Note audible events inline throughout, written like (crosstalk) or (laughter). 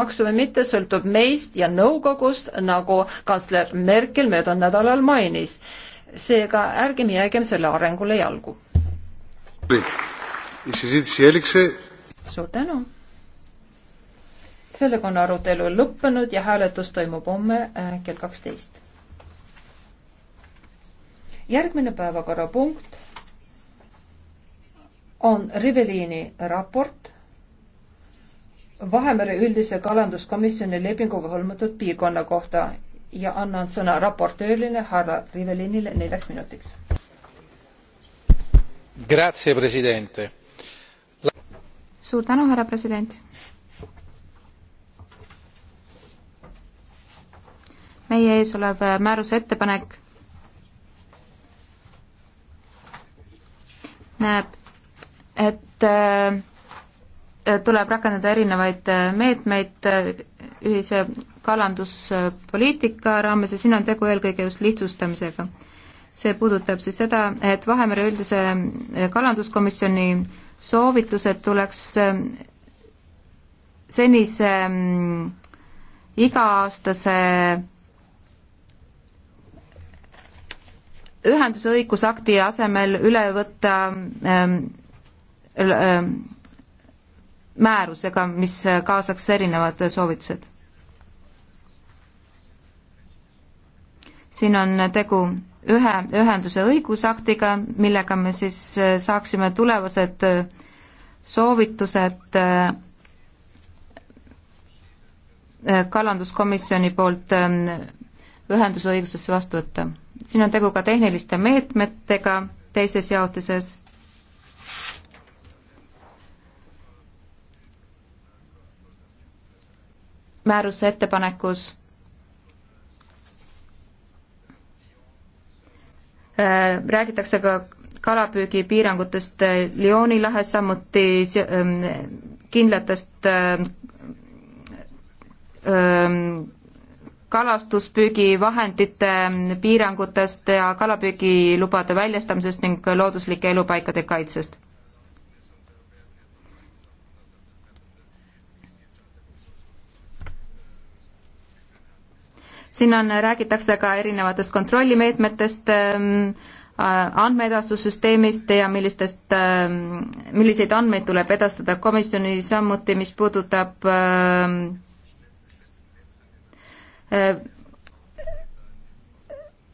maksu või mitte, sõltub meist ja nõukogust, nagu kantsler Merkel möödunud nädalal mainis. seega ärgem jäägem selle arengule jalgu. suur tänu. sellega on arutelu lõppenud ja hääletus toimub homme äh, kell kaksteist. järgmine päevakorrapunkt on Riveliini raport Vahemere üldise kalanduskomisjoni lepinguga hõlmatud piirkonna kohta ja annan sõna raportöörile härra Rivelinile neljaks minutiks. La... suur tänu, härra president. meie ees olev määruse ettepanek näeb, et äh, tuleb rakendada erinevaid äh, meetmeid äh, ühise kalanduspoliitika raames ja siin on tegu eelkõige just lihtsustamisega. see puudutab siis seda, et Vahemere üldise äh, kalanduskomisjoni soovitused tuleks senise mm, iga-aastase ühenduse õigusakti asemel üle võtta ähm, ähm, määrusega, mis kaasaks erinevad soovitused. siin on tegu ühe ühenduse õigusaktiga, millega me siis saaksime tulevased soovitused äh, kalanduskomisjoni poolt äh, ühenduse õigusesse vastu võtta. siin on tegu ka tehniliste meetmetega teises jaotises määruse ettepanekus äh, räägitakse ka kalapüügipiirangutest äh, Lyoni lahes, samuti ähm, kindlatest äh, ähm, kalastuspüügivahendite ähm, piirangutest ja kalapüügilubade väljastamisest ning looduslike elupaikade kaitsest siin on, äh, räägitakse ka erinevatest kontrollimeetmetest, ähm, äh, andmeedastussüsteemist ja millistest, ähm, milliseid andmeid tuleb edastada komisjoni, samuti mis puudutab ähm, äh,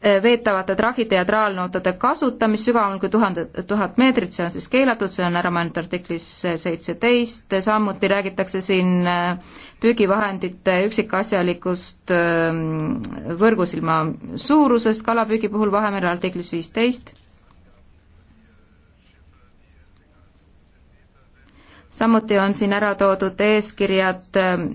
Äh, veetavate trahvide ja traalnootade kasutamist sügavam kui tuhande, tuhat meetrit, see on siis keelatud, see on ära mainitud artiklis seitseteist, samuti räägitakse siin äh, püügivahendite üksikasjalikust ähm, võrgusilma suurusest kalapüügi puhul Vahemere artiklis viisteist, samuti on siin ära toodud eeskirjad ähm,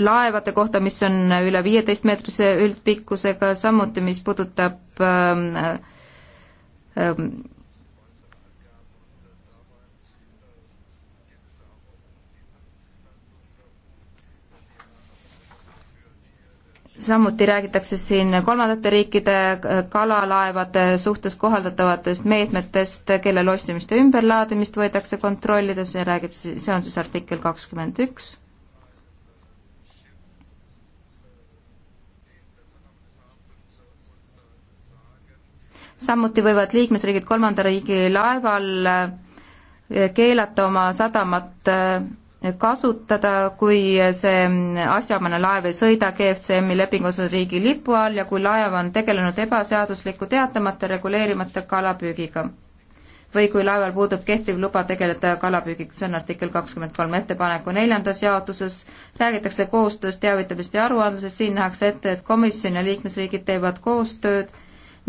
laevade kohta, mis on üle viieteist meetrise üldpikkusega, samuti mis puudutab äh, äh, samuti räägitakse siin kolmandate riikide kalalaevade suhtes kohaldatavatest meetmetest, kelle lossimist ja ümberlaadimist võidakse kontrollida, see räägib, see on siis artikkel kakskümmend üks samuti võivad liikmesriigid kolmanda riigi laeval eh, keelata oma sadamat eh, kasutada, kui see asjaomane laev ei sõida GFCM-i lepingus riigi lipu all ja kui laev on tegelenud ebaseadusliku teatamata reguleerimata kalapüügiga. või kui laeval puudub kehtiv luba tegeleda kalapüügiga, see on artikkel kakskümmend kolm ettepaneku neljandas jaotuses, räägitakse koostööst, teavitamisest ja aruandlusest, siin nähakse ette, et komisjon ja liikmesriigid teevad koostööd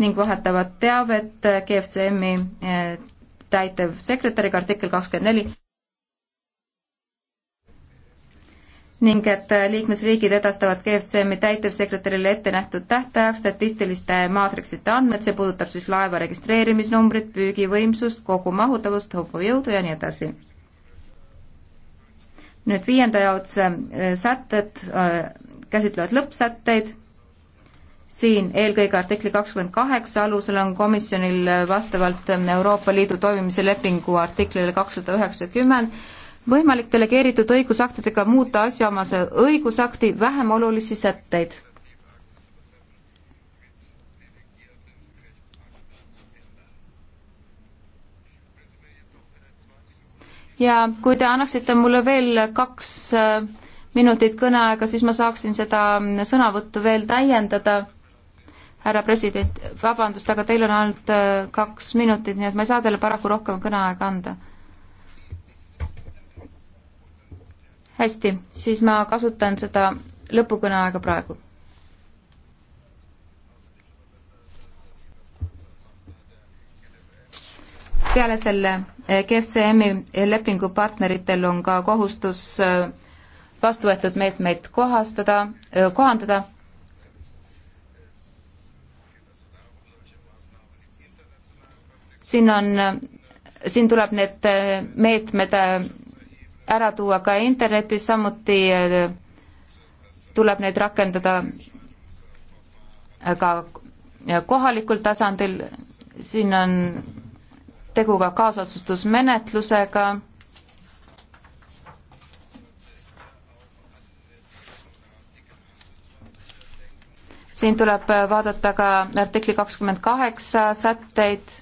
ning vahetavad teavet GFCM-i eh, täitevsekretäriga artikkel kakskümmend neli ning et eh, liikmesriigid edastavad GFCM-i täitevsekretärile ette nähtud tähtajaks statistiliste maatriksite andmed, see puudutab siis laeva registreerimisnumbrit, püügivõimsust, kogumahutavust, hõlpujõudu ja nii edasi. nüüd viienda jaotuse eh, sätted käsitlevad lõppsätteid siin eelkõige artikli kakskümmend kaheksa alusel on komisjonil vastavalt Euroopa Liidu toimimise lepingu artiklile kakssada üheksakümmend võimalik delegeeritud õigusaktidega muuta asjaomase õigusakti vähem olulisi sätteid. ja kui te annaksite mulle veel kaks minutit kõneaega, siis ma saaksin seda sõnavõttu veel täiendada härra president, vabandust, aga teil on ainult äh, kaks minutit, nii et ma ei saa teile paraku rohkem kõneaega anda. hästi, siis ma kasutan seda lõpukõneaega praegu. peale selle äh, GFCM-i lepingupartneritel on ka kohustus äh, vastu võetud meetmeid kohastada, kohandada siin on, siin tuleb need meetmed ära tuua ka internetis, samuti tuleb neid rakendada ka kohalikul tasandil, siin on tegu ka kaasotsustusmenetlusega siin tuleb vaadata ka artikli kakskümmend kaheksa sätteid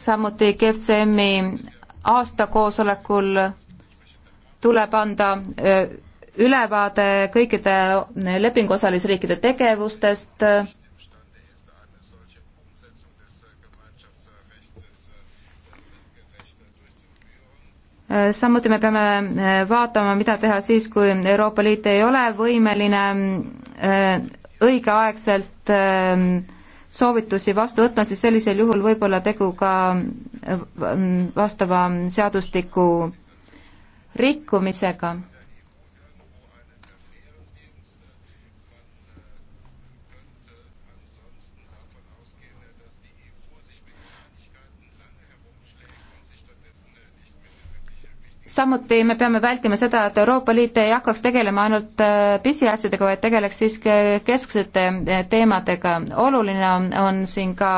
samuti GFCM-i aastakoosolekul tuleb anda ülevaade kõikide lepinguosalisriikide tegevustest, samuti me peame vaatama, mida teha siis, kui Euroopa Liit ei ole võimeline õigeaegselt soovitusi vastu võtma, siis sellisel juhul võib olla tegu ka mm, vastava seadustiku rikkumisega samuti me peame vältima seda, et Euroopa Liit ei hakkaks tegelema ainult äh, pisiasjadega, vaid tegeleks siiski kesksete äh, teemadega. oluline on, on siin ka,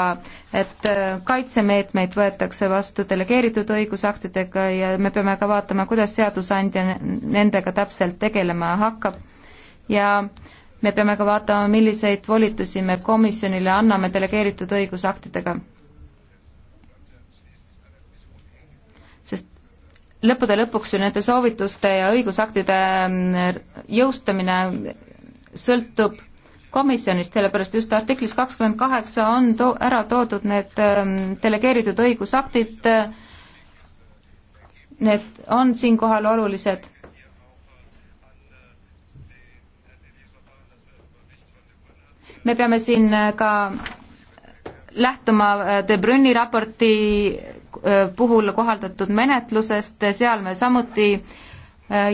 et äh, kaitsemeetmeid võetakse vastu delegeeritud õigusaktidega ja me peame ka vaatama, kuidas seadusandja nendega täpselt tegelema hakkab ja me peame ka vaatama, milliseid volitusi me komisjonile anname delegeeritud õigusaktidega lõppude lõpuks ju nende soovituste ja õigusaktide mm, jõustamine sõltub komisjonist, sellepärast just artiklis kakskümmend kaheksa on to-, ära toodud need mm, delegeeritud õigusaktid, need on siinkohal olulised. me peame siin ka lähtuma äh, De Brünni raporti Äh, puhul kohaldatud menetlusest, seal me samuti äh,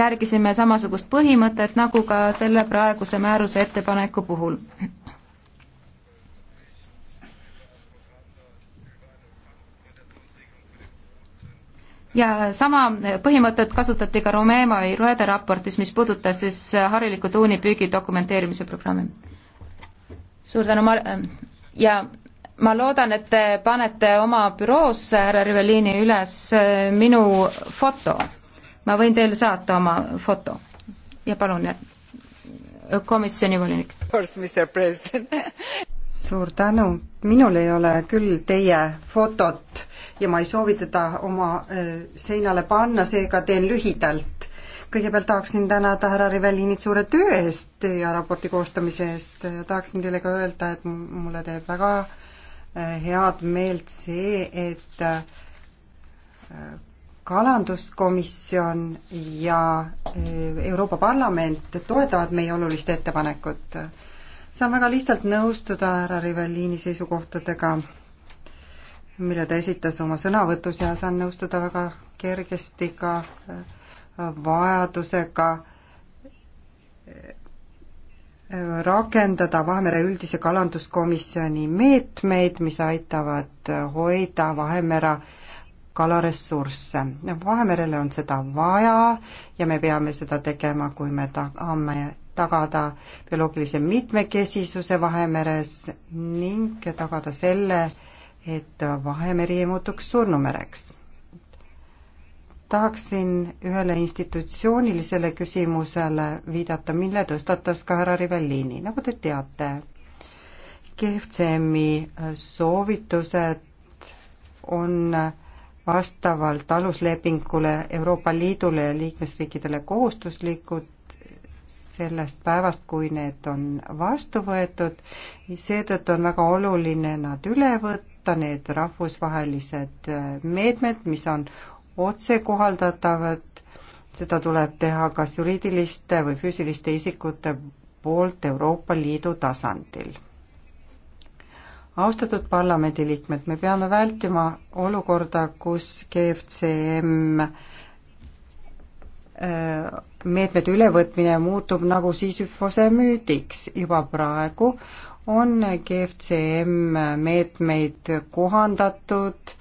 järgisime samasugust põhimõtet, nagu ka selle praeguse määruse ettepaneku puhul. ja sama põhimõtet kasutati ka Romeva ja Rueda raportis, mis puudutas siis hariliku tuunipüügi dokumenteerimise programmi. suur tänu, Mar-, ja ma loodan, et te panete oma büroosse, härra Riveliini, üles äh, minu foto. ma võin teile saata oma foto ja palun, äh, komisjoni volinik. (laughs) suur tänu, minul ei ole küll teie fotot ja ma ei soovi teda oma äh, seinale panna, seega teen lühidalt. kõigepealt tahaksin tänada härra Rivelinit suure töö eest ja raporti koostamise eest, tahaksin teile ka öelda, et mulle teeb väga head meelt see, et äh, kalanduskomisjon ja äh, Euroopa Parlament toetavad meie olulist ettepanekut. saan väga lihtsalt nõustuda härra Rivellini seisukohtadega, mille ta esitas oma sõnavõtus ja saan nõustuda väga kergesti ka äh, vajadusega rakendada Vahemere üldise kalanduskomisjoni meetmeid, mis aitavad hoida Vahemere kalaressursse. Vahemerele on seda vaja ja me peame seda tegema, kui me tahame tagada bioloogilise mitmekesisuse Vahemeres ning tagada selle, et Vahemeri ei muutuks surnumereks tahaksin ühele institutsioonilisele küsimusele viidata, mille tõstatas ka härra Rivellini. nagu te teate, GFCM-i äh, soovitused on vastavalt aluslepingule Euroopa Liidule ja liikmesriikidele kohustuslikud sellest päevast, kui need on vastu võetud, seetõttu on väga oluline nad üle võtta, need rahvusvahelised äh, meetmed, mis on otsekohaldatavad, seda tuleb teha kas juriidiliste või füüsiliste isikute poolt Euroopa Liidu tasandil. austatud parlamendiliikmed, me peame vältima olukorda, kus GFCM äh, meetmete ülevõtmine muutub nagu Sisyfose müüdiks juba praegu on GFCM meetmeid kohandatud,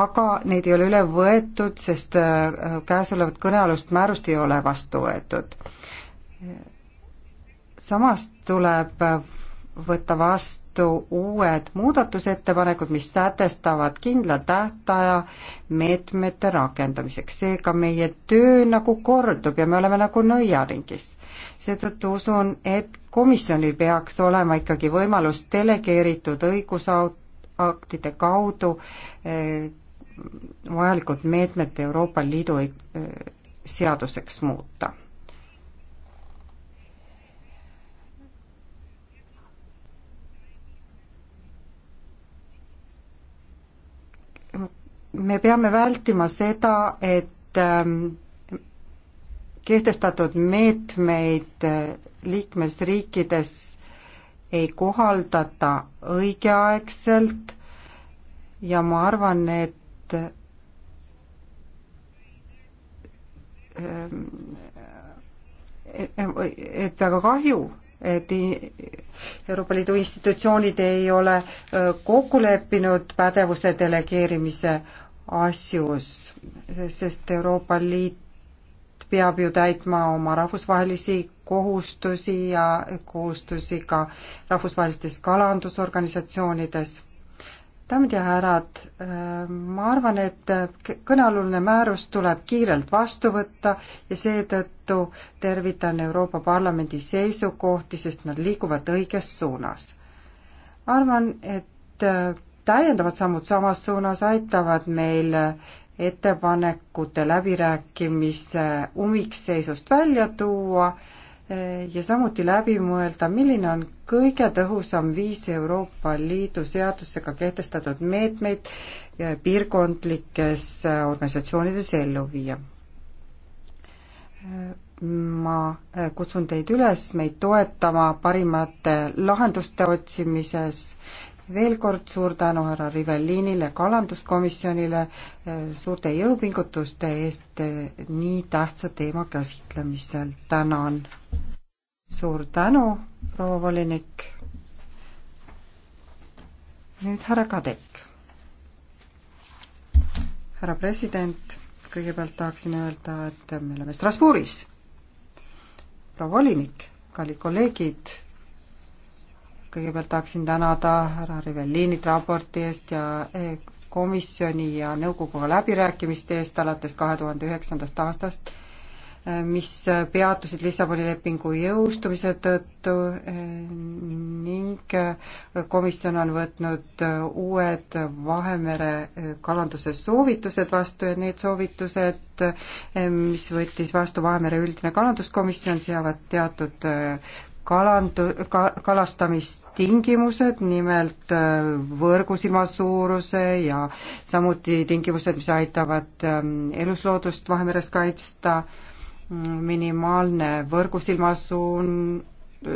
aga neid ei ole üle võetud, sest äh, käesolevat kõnealust määrust ei ole vastu võetud. samas tuleb võtta vastu uued muudatusettepanekud, mis sätestavad kindla tähtaja meetmete rakendamiseks, seega meie töö nagu kordub ja me oleme nagu nõiaringis. seetõttu usun, et komisjonil peaks olema ikkagi võimalus delegeeritud õigusaktide kaudu eh, vajalikud meetmed Euroopa Liidu eh, seaduseks muuta. me peame vältima seda, et ehm, kehtestatud meetmeid liikmesriikides ei kohaldata õigeaegselt ja ma arvan, et ehm, et väga kahju, et Euroopa Liidu institutsioonid ei ole kokku leppinud pädevuse delegeerimise asjus, sest Euroopa Liit peab ju täitma oma rahvusvahelisi kohustusi ja kohustusi ka rahvusvahelistes kalandusorganisatsioonides. daamid ja härrad, äh, ma arvan, et kõnealune määrus tuleb kiirelt vastu võtta ja seetõttu tervitan Euroopa Parlamendi seisukohti, sest nad liiguvad õiges suunas. arvan, et äh, täiendavad sammud samas suunas aitavad meil ettepanekute läbirääkimise ummikseisust välja tuua eh, ja samuti läbi mõelda, milline on kõige tõhusam viis Euroopa Liidu seadusega kehtestatud meetmeid eh, piirkondlikes eh, organisatsioonides ellu viia. ma kutsun teid üles meid toetama parimate lahenduste otsimises veel kord suur tänu härra Rivellinile, kalanduskomisjonile eh, suurte jõupingutuste eest eh, nii tähtsa teema käsitlemisel, tänan. suur tänu, proua volinik. nüüd härra Kadek. härra president, kõigepealt tahaksin öelda, et me oleme Strasbourgis. proua volinik, kallid kolleegid kõigepealt tahaksin tänada härra Rivellinit raporti eest ja eh, komisjoni ja nõukoguga läbirääkimiste eest alates kahe tuhande üheksandast aastast, eh, mis peatusid Lissaboni lepingu jõustumise tõttu eh, ning komisjon on võtnud uued Vahemere kalanduse soovitused vastu ja need soovitused, mis võttis vastu Vahemere üldine kalanduskomisjon, seavad teatud kalandu-, ka-, kalastamistingimused, nimelt äh, võrgusilma suuruse ja samuti tingimused, mis aitavad ähm, elusloodust Vahemeres kaitsta, mm, minimaalne võrgusilma suun-,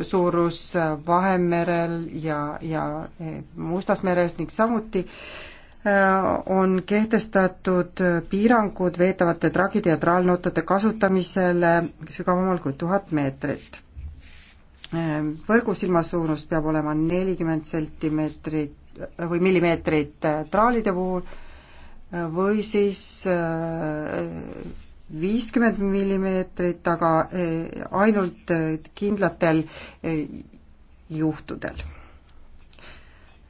suurus äh, Vahemerel ja, ja äh, Mustas meres ning samuti on kehtestatud piirangud veetavate tragide ja traalnotade kasutamisele sügavamal kui tuhat meetrit võrgu silmasuurus peab olema nelikümmend sentimeetrit või millimeetrit äh, traalide puhul äh, või siis äh, viiskümmend millimeetrit, aga ainult kindlatel juhtudel.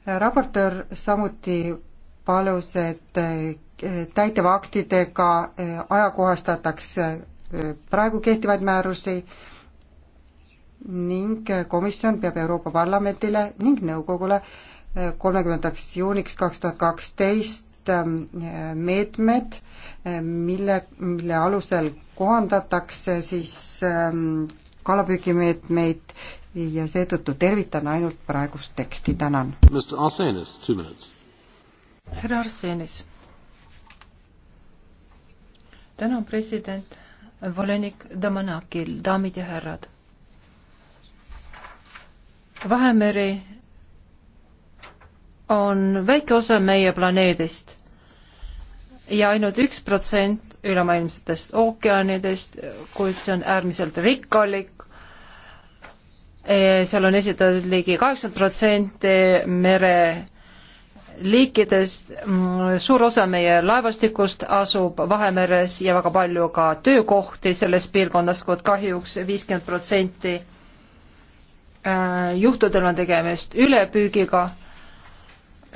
raportöör samuti palus, et täitevaktidega ajakohastataks praegu kehtivaid määrusi ning komisjon peab Euroopa Parlamendile ning nõukogule eh, kolmekümnendaks juuniks kaks tuhat kaksteist eh, meetmed, eh, mille, mille alusel kohandatakse siis kalapüügimeetmeid ja seetõttu tervitan ainult praegust teksti, tänan. härra Arsenis. tänan, president, volinik Damanakil, daamid ja härrad Vahemeri on väike osa meie planeedist ja ainult üks protsent ülemaailmsetest ookeanidest, kuid see on äärmiselt rikkalik. E, seal on esitatud ligi kaheksakümmend protsenti mereliikidest, suur osa meie laevastikust asub Vahemeres ja väga palju ka töökohti selles piirkonnas, kuid kahjuks viiskümmend protsenti Äh, juhtudel on tegemist ülepüügiga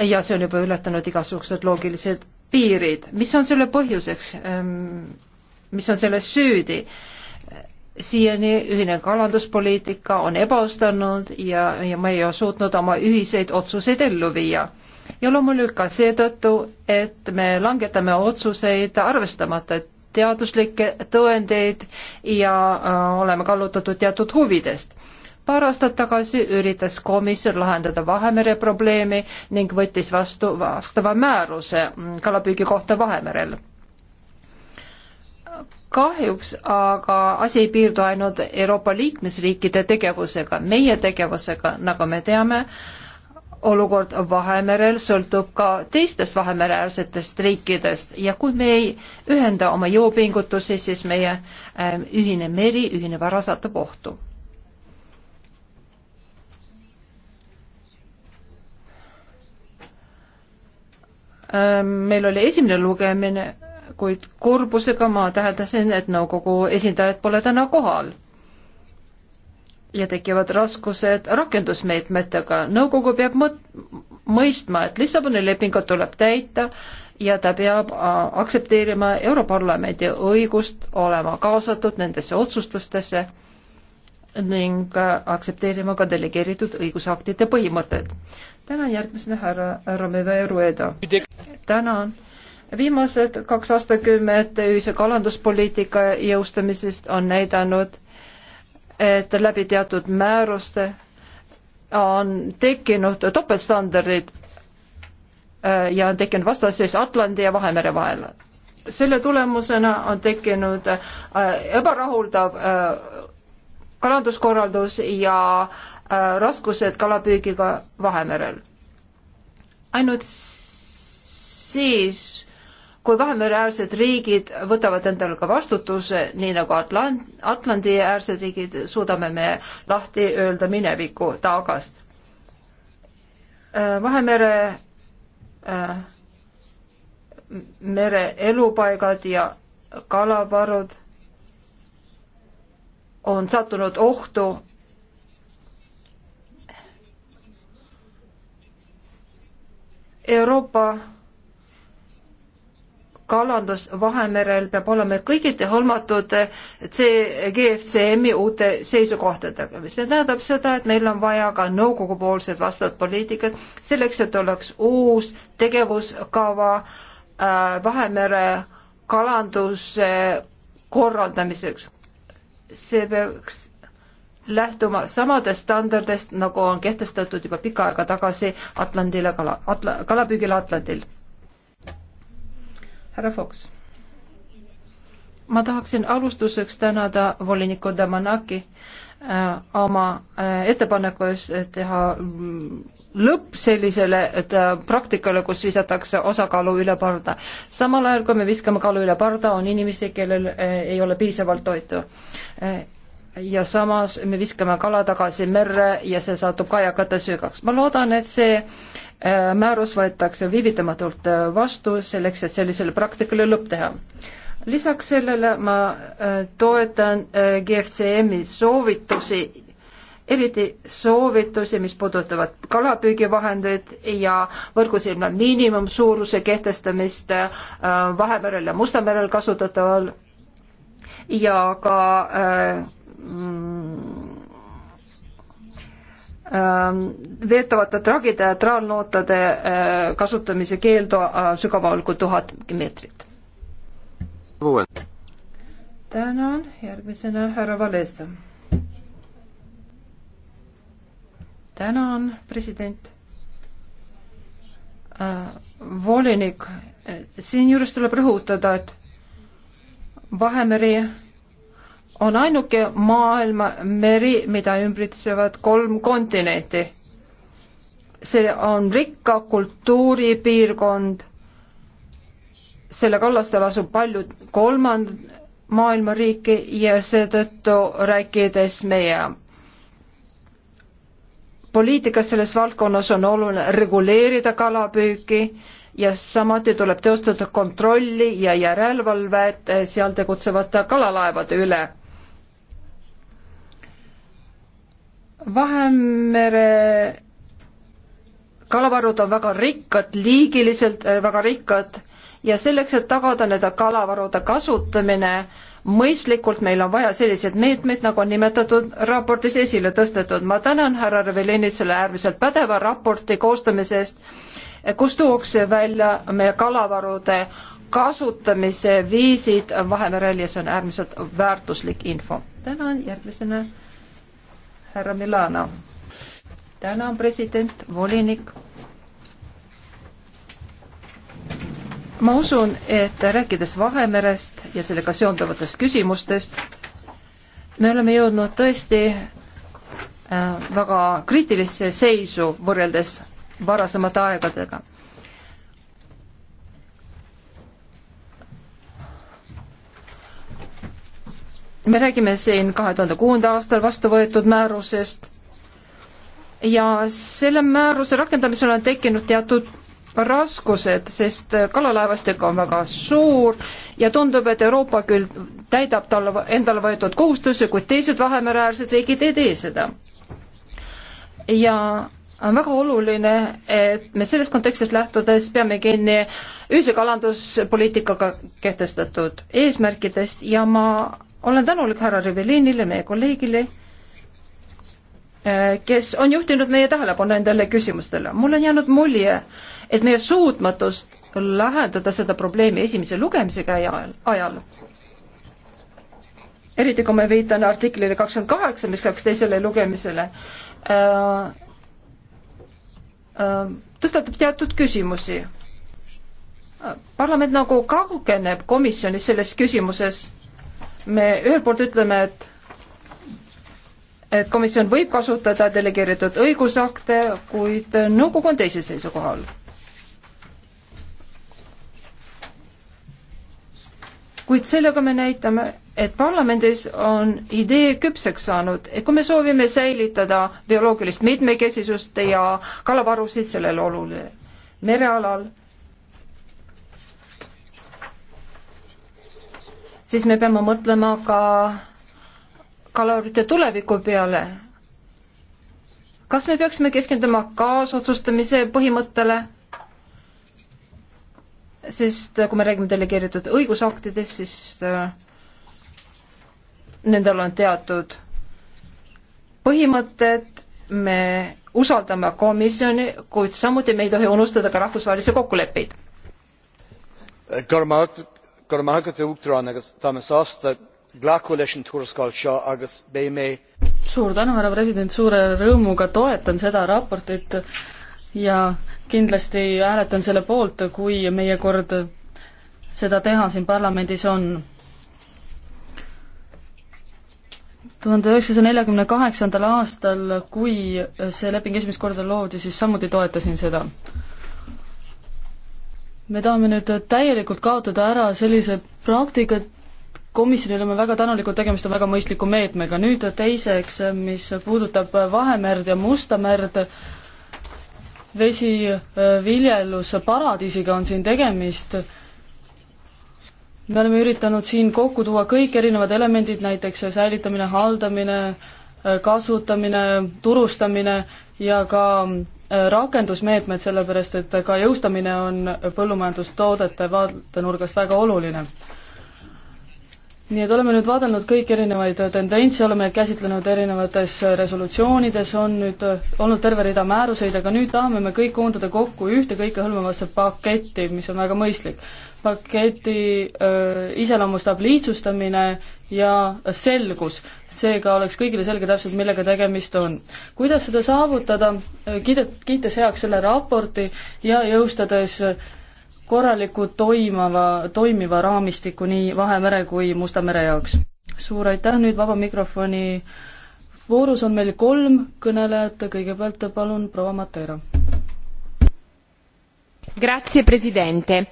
ja see on juba ületanud igasugused loogilised piirid. mis on selle põhjuseks, ehm, mis on selles süüdi? siiani ühine kalanduspoliitika on ebaustanud ja, ja me ei ole suutnud oma ühiseid otsuseid ellu viia. ja loomulikult ka seetõttu, et me langetame otsuseid arvestamata teaduslikke tõendeid ja äh, oleme kallutatud teatud huvidest paar aastat tagasi üritas komisjon lahendada Vahemere probleemi ning võttis vastu vastava määruse kalapüügi kohta Vahemerel. kahjuks aga asi ei piirdu ainult Euroopa liikmesriikide tegevusega, meie tegevusega, nagu me teame, olukord Vahemerel sõltub ka teistest Vahemereäärsetest riikidest ja kui me ei ühenda oma jõupingutusi, siis meie ähm, ühine meri, ühine vara satub ohtu meil oli esimene lugemine, kuid kurbusega ma täheldasin, et nõukogu esindajad pole täna kohal. ja tekivad raskused rakendusmeetmetega. nõukogu peab mõistma, et Lissaboni lepingut tuleb täita ja ta peab aktsepteerima Europarlamendi õigust olema kaasatud nendesse otsustustesse ning aktsepteerima ka delegeeritud õigusaktide põhimõtted. tänan järgmisena härra Romeva ja Rueda tänan. viimased kaks aastakümmet ühise kalanduspoliitika jõustamisest on näidanud, et läbi teatud määruste on tekkinud topeltstandardid äh, ja on tekkinud vastasseis Atlandi ja Vahemere vahel. selle tulemusena on tekkinud äh, ebarahuldav äh, kalanduskorraldus ja raskused kalapüügiga Vahemerel. ainult siis, kui Vahemereäärsed riigid võtavad endale ka vastutuse, nii nagu Atlant-, Atlandi-äärsed riigid, suudame me lahti öelda mineviku taagast. Äh, Vahemere äh, mere elupaigad ja kalavarud on sattunud ohtu Euroopa kalandus Vahemerel peab olema kõigiti hõlmatud C-, GFCM-i uute seisukohtadega, mis tähendab seda, et meil on vaja ka nõukogu poolsed vastavad poliitikad selleks, et oleks uus tegevuskava äh, Vahemere kalanduse korraldamiseks. see peaks lähtuma samadest standardist, nagu on kehtestatud juba pikka aega tagasi Atlandile kala, atla-, kalapüügile Atlandil härra Fox. ma tahaksin alustuseks tänada voliniku Damanaki äh, oma äh, ettepaneku eest teha mm, lõpp sellisele äh, praktikale, kus visatakse osakaalu üle parda. samal ajal, kui me viskame kaalu üle parda, on inimesi, kellel ei ole piisavalt toitu ja samas me viskame kala tagasi merre ja see satub kajakate söögaks. ma loodan, et see äh, määrus võetakse viivitamatult äh, vastu selleks, et sellisele praktikale lõpp teha. lisaks sellele ma äh, toetan GFCM-i soovitusi, eriti soovitusi, mis puudutavad kalapüügivahendeid ja võrgusilma miinimumsuuruse kehtestamist Vahemerel ja Mustamerel kasutataval ja ka äh, Mm. Äh, veetavate tragide ja traalnootade äh, kasutamise keeldu äh, sügaval kui tuhat meetrit. tänan, järgmisena härra Valesa. tänan, president äh,. volinik, siinjuures tuleb rõhutada, et Vahemeri on ainuke maailma meri, mida ümbritsevad kolm kontinenti. see on rikka kultuuripiirkond, selle kallastel asub palju kolmand-, maailma riike ja seetõttu rääkides meie poliitikas selles valdkonnas on oluline reguleerida kalapüüki ja samuti tuleb teostada kontrolli ja järelevalvet seal tegutsevate kalalaevade üle Vahemere kalavarud on väga rikkad, liigiliselt äh, väga rikkad ja selleks, et tagada nende kalavarude kasutamine mõistlikult, meil on vaja selliseid meetmeid, nagu on nimetatud raportis esile tõstetud. ma tänan härra Revelinit selle äärmiselt pädeva raporti koostamise eest, kus tuuakse välja meie kalavarude kasutamise viisid Vahemerel ja see on äärmiselt väärtuslik info. tänan, järgmisena härra Milano. tänan, president, volinik. ma usun, et rääkides Vahemerest ja sellega seonduvatest küsimustest, me oleme jõudnud tõesti äh, väga kriitilisse seisu võrreldes varasemate aegadega me räägime siin kahe tuhande kuuenda aastal vastu võetud määrusest ja selle määruse rakendamisel on tekkinud teatud raskused, sest kalalaevastik on väga suur ja tundub, et Euroopa küll täidab talle endale võetud kohustusi, kuid teised Vahemereäärsed riigid ei tee seda. ja on väga oluline, et me selles kontekstis lähtudes peame kinni ühise kalanduspoliitikaga kehtestatud eesmärkidest ja ma olen tänulik härra Rivelinile, meie kolleegile, äh, kes on juhtinud meie tähelepanu nendele küsimustele. mul on jäänud mulje, et meie suutmatust lahendada seda probleemi esimese lugemise käe ajal, eriti kui ma viitan artiklile kakskümmend kaheksa, mis läks teisele lugemisele äh,, äh, tõstatab teatud küsimusi. Äh, parlament nagu kaugeneb komisjonis selles küsimuses me ühelt poolt ütleme, et et komisjon võib kasutada delegeeritud õigusakte, kuid nõukogu on teisel seisukohal. kuid sellega me näitame, et parlamendis on idee küpseks saanud, et kui me soovime säilitada bioloogilist mitmekesisust ja kalavarusid sellel olul merealal, siis me peame mõtlema ka kalorite tuleviku peale. kas me peaksime keskenduma kaasotsustamise põhimõttele? sest kui me räägime delegeeritud õigusaktidest, siis äh, nendel on teatud põhimõtted, me usaldame komisjoni, kuid samuti me ei tohi unustada ka rahvusvahelisi kokkuleppeid gur maithfad a uachtarán agus támas ásta ghleacú leis an tuarascáil seo agus bé mé. suur tänu, härra president, suure rõõmuga toetan seda raportit ja kindlasti hääletan selle poolt, kui meie kord seda teha siin parlamendis on tuhande üheksasaja neljakümne kaheksandal aastal, kui see leping esimest korda loodi, siis samuti toetasin seda me tahame nüüd täielikult kaotada ära sellise praktika, et komisjonile me väga tänulikud, tegemist on väga mõistliku meetmega. nüüd teiseks, mis puudutab Vahemerd ja Musta merd, vesiviljelusparadiisiga on siin tegemist. me oleme üritanud siin kokku tuua kõik erinevad elemendid, näiteks säilitamine, haldamine, kasutamine, turustamine ja ka Äh, rakendusmeetmed, sellepärast et ka jõustamine on põllumajandustoodete vaatenurgast väga oluline. nii et oleme nüüd vaadanud kõiki erinevaid tendentse, oleme neid käsitlenud erinevates resolutsioonides, on nüüd olnud terve rida määruseid, aga nüüd tahame me kõik koondada kokku ühte kõikehõlmavasse paketti, mis on väga mõistlik paketi öö, äh, iseloomustab lihtsustamine ja selgus. seega oleks kõigile selge täpselt, millega tegemist on. kuidas seda saavutada, äh, kiidet-, kiites heaks selle raporti ja jõustades korraliku toimava, toimiva raamistiku nii Vahemere kui Musta mere jaoks. suur aitäh, nüüd vaba mikrofoni voorus on meil kolm kõnelejat, kõigepealt palun proua Matera. Grazie, presidente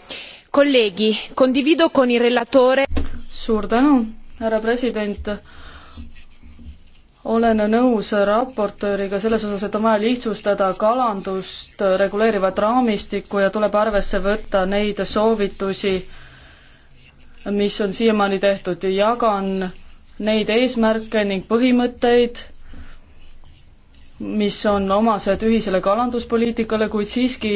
colleghi condivido con il relatore. suur tänu härra president olen nõus raportööriga selles osas, et on vaja lihtsustada kalandust reguleerivat raamistikku ja tuleb arvesse võtta neid soovitusi, mis on siiamaani tehtud ja jagan neid eesmärke ning põhimõtteid, mis on omased ühisele kalanduspoliitikale, kuid siiski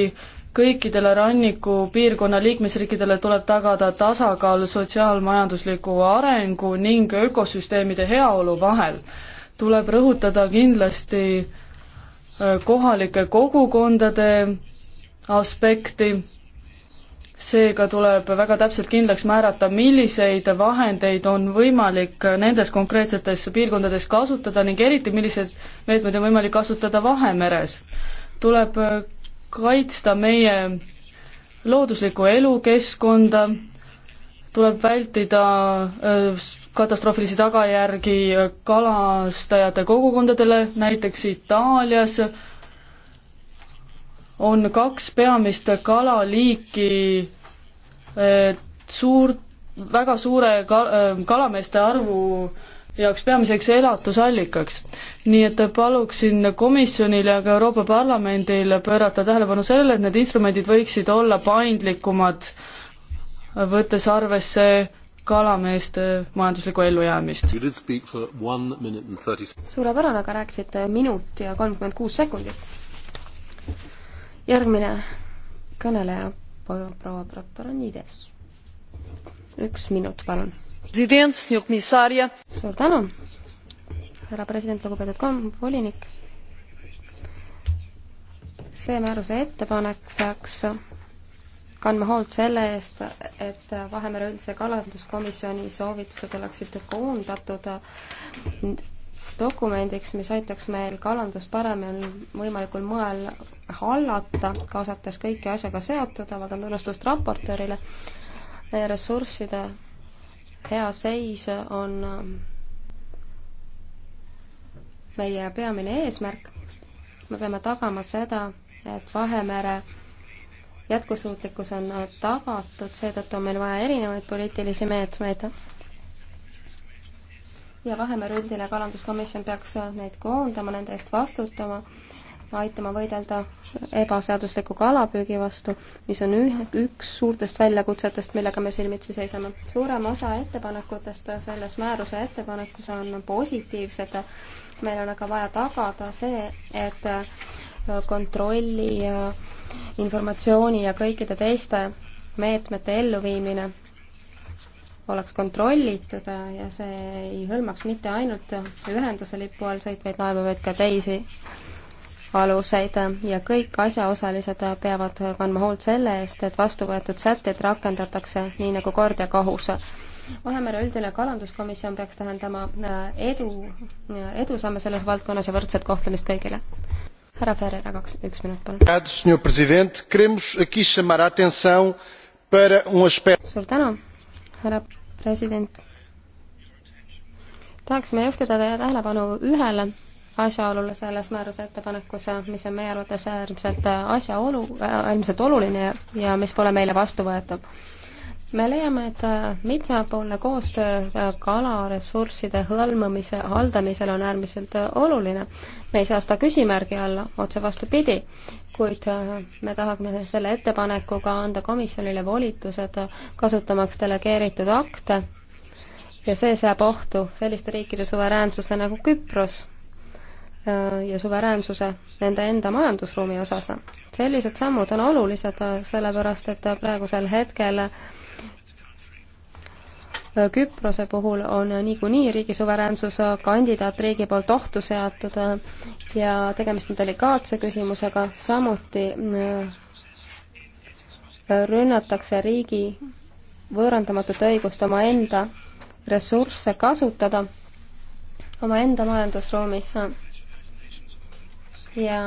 kõikidele rannikupiirkonna liikmesriikidele tuleb tagada tasakaal sotsiaalmajandusliku arengu ning ökosüsteemide heaolu vahel. tuleb rõhutada kindlasti äh, kohalike kogukondade aspekti, seega tuleb väga täpselt kindlaks määrata, milliseid vahendeid on võimalik nendes konkreetsetes piirkondades kasutada ning eriti, millised meetmed on võimalik kasutada Vahemeres. tuleb äh, kaitsta meie looduslikku elukeskkonda, tuleb vältida äh, katastroofilisi tagajärgi äh, kalastajate kogukondadele, näiteks Itaalias on kaks peamist kalaliiki äh, suurt, väga suure kal-, kalameeste arvu jaoks peamiseks elatusallikaks nii et paluksin komisjonile ja ka Euroopa Parlamendil pöörata tähelepanu sellele, et need instrumendid võiksid olla paindlikumad, võttes arvesse kalameeste majanduslikku ellujäämist. suurepärane, aga rääkisite minut ja kolmkümmend kuus sekundit. järgmine kõneleja, proua Protoronides. üks minut, palun. suur tänu härra president, lugupeetud kom-, volinik. see määruse ettepanek peaks kandma hoolt selle eest, et Vahemere üldise kalanduskomisjoni soovitused oleksid koondatud dokumendiks, mis aitaks meil kalandust paremini võimalikul moel hallata, kaasates kõiki asjaga seotud, avaldan tunnustust raportöörile. ressursside hea seis on meie peamine eesmärk. me peame tagama seda, et Vahemere jätkusuutlikkus on tagatud, seetõttu on meil vaja erinevaid poliitilisi meetmeid. ja Vahemere üldine kalanduskomisjon peaks neid koondama, nende eest vastutama aitama võidelda ebaseadusliku kalapüügi vastu, mis on ühe, üks suurtest väljakutsetest, millega me silmitsi seisame. suurem osa ettepanekutest selles määruse ettepanekus on positiivsed, meil on aga vaja tagada see, et kontrolli ja informatsiooni ja kõikide teiste meetmete elluviimine oleks kontrollitud ja see ei hõlmaks mitte ainult ühenduse lipu all sõitvaid laevu, vaid ka teisi aluseid ja kõik asjaosalised peavad kandma hoolt selle eest, et vastuvõetud sätteid rakendatakse nii nagu kord ja kohus. Vahemere üldine kalanduskomisjon peaks tähendama äh, edu, äh, edusamme selles valdkonnas ja võrdset kohtlemist kõigile. härra Ferreira, kaks, üks minut palun. Um suur tänu, härra president. tahaksime juhtida teie tähelepanu ühele asjaolule selles määruse ettepanekus, mis on meie arvates äärmiselt asjaolu, äärmiselt oluline ja mis pole meile vastuvõetav. me leiame, et mitmepoolne koostöö kalaressursside hõlmamise, haldamisel on äärmiselt oluline. me ei saa seda küsimärgi alla, otse vastupidi, kuid me tahame selle ettepanekuga anda komisjonile volitused kasutamaks delegeeritud akte ja see seab ohtu selliste riikide suveräänsuse nagu Küpros Äh, ja suveräänsuse nende enda majandusruumi osas. sellised sammud on olulised, äh, sellepärast et äh, praegusel hetkel Küprose puhul on niikuinii riigi suveräänsus kandidaatriigi poolt ohtu seatud ja tegemist on delikaatse küsimusega, samuti rünnatakse riigi võõrandamatut õigust omaenda ressursse kasutada omaenda majandusruumis ja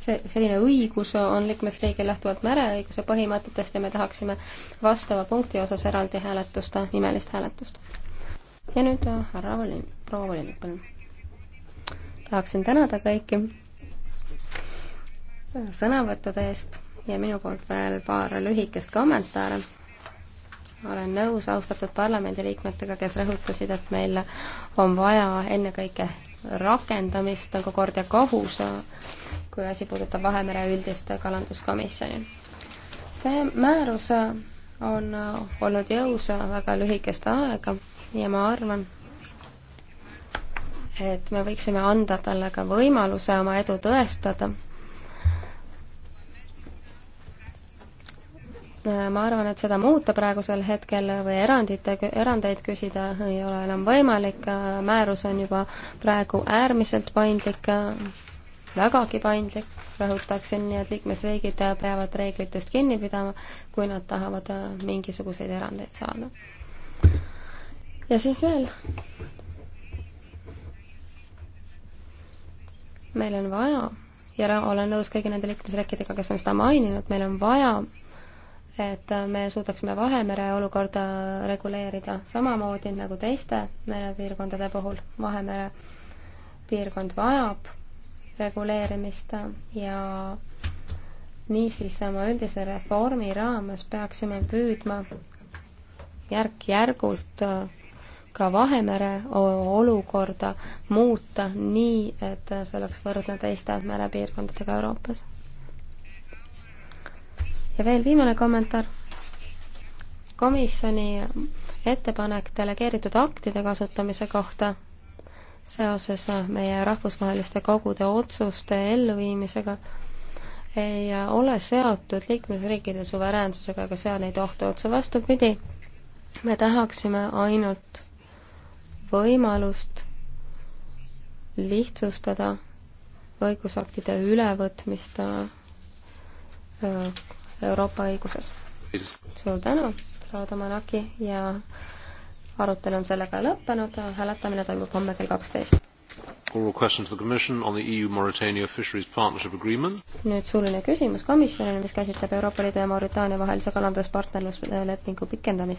see, selline õigus on liikmesriigil lähtuvalt mereõiguse põhimõtetest ja me tahaksime vastava punkti osas eraldi hääletust, nimelist hääletust. ja nüüd äh, härra Volin, proua Volinik, palun. tahaksin tänada kõiki sõnavõttude eest ja minu poolt veel paar lühikest kommentaare olen nõus austatud parlamendiliikmetega, kes rõhutasid, et meil on vaja ennekõike rakendamist nagu kord ja kohus, kui asi puudutab Vahemere üldist kalanduskomisjoni. see määrus on olnud jõus väga lühikest aega ja ma arvan, et me võiksime anda talle ka võimaluse oma edu tõestada ma arvan, et seda muuta praegusel hetkel või erandite, erandeid küsida ei ole enam võimalik, määrus on juba praegu äärmiselt paindlik, vägagi paindlik, rõhutaksin, nii et liikmesriigid peavad reeglitest kinni pidama, kui nad tahavad mingisuguseid erandeid saada. ja siis veel. meil on vaja ja olen nõus kõigi nende liikmesriikidega, kes on seda maininud, meil on vaja et me suudaksime Vahemere olukorda reguleerida samamoodi nagu teiste merepiirkondade puhul. Vahemere piirkond vajab reguleerimist ja niisiis oma üldise reformi raames peaksime püüdma järk-järgult ka Vahemere olukorda muuta nii, et see oleks võrdne teiste merepiirkondadega Euroopas ja veel viimane kommentaar. komisjoni ettepanek delegeeritud aktide kasutamise kohta seoses meie rahvusvaheliste kogude otsuste elluviimisega ei ole seotud liikmesriikide suveräänsusega, aga seal ei tohtu otse vastupidi. me tahaksime ainult võimalust lihtsustada õigusaktide ülevõtmist äh, Euroopa õiguses. suur tänu, proua Tamanaki ja arutelu on sellega lõppenud, hääletamine toimub homme kell kaksteist. Oral question to the Commission on the EU-Mauritania Fisheries Partnership Agreement. nüüd suuline küsimus komisjonile, mis käsitleb Euroopa Liidu ja Mauritaania vahelise kalanduspartnerluslepingu pikendamist.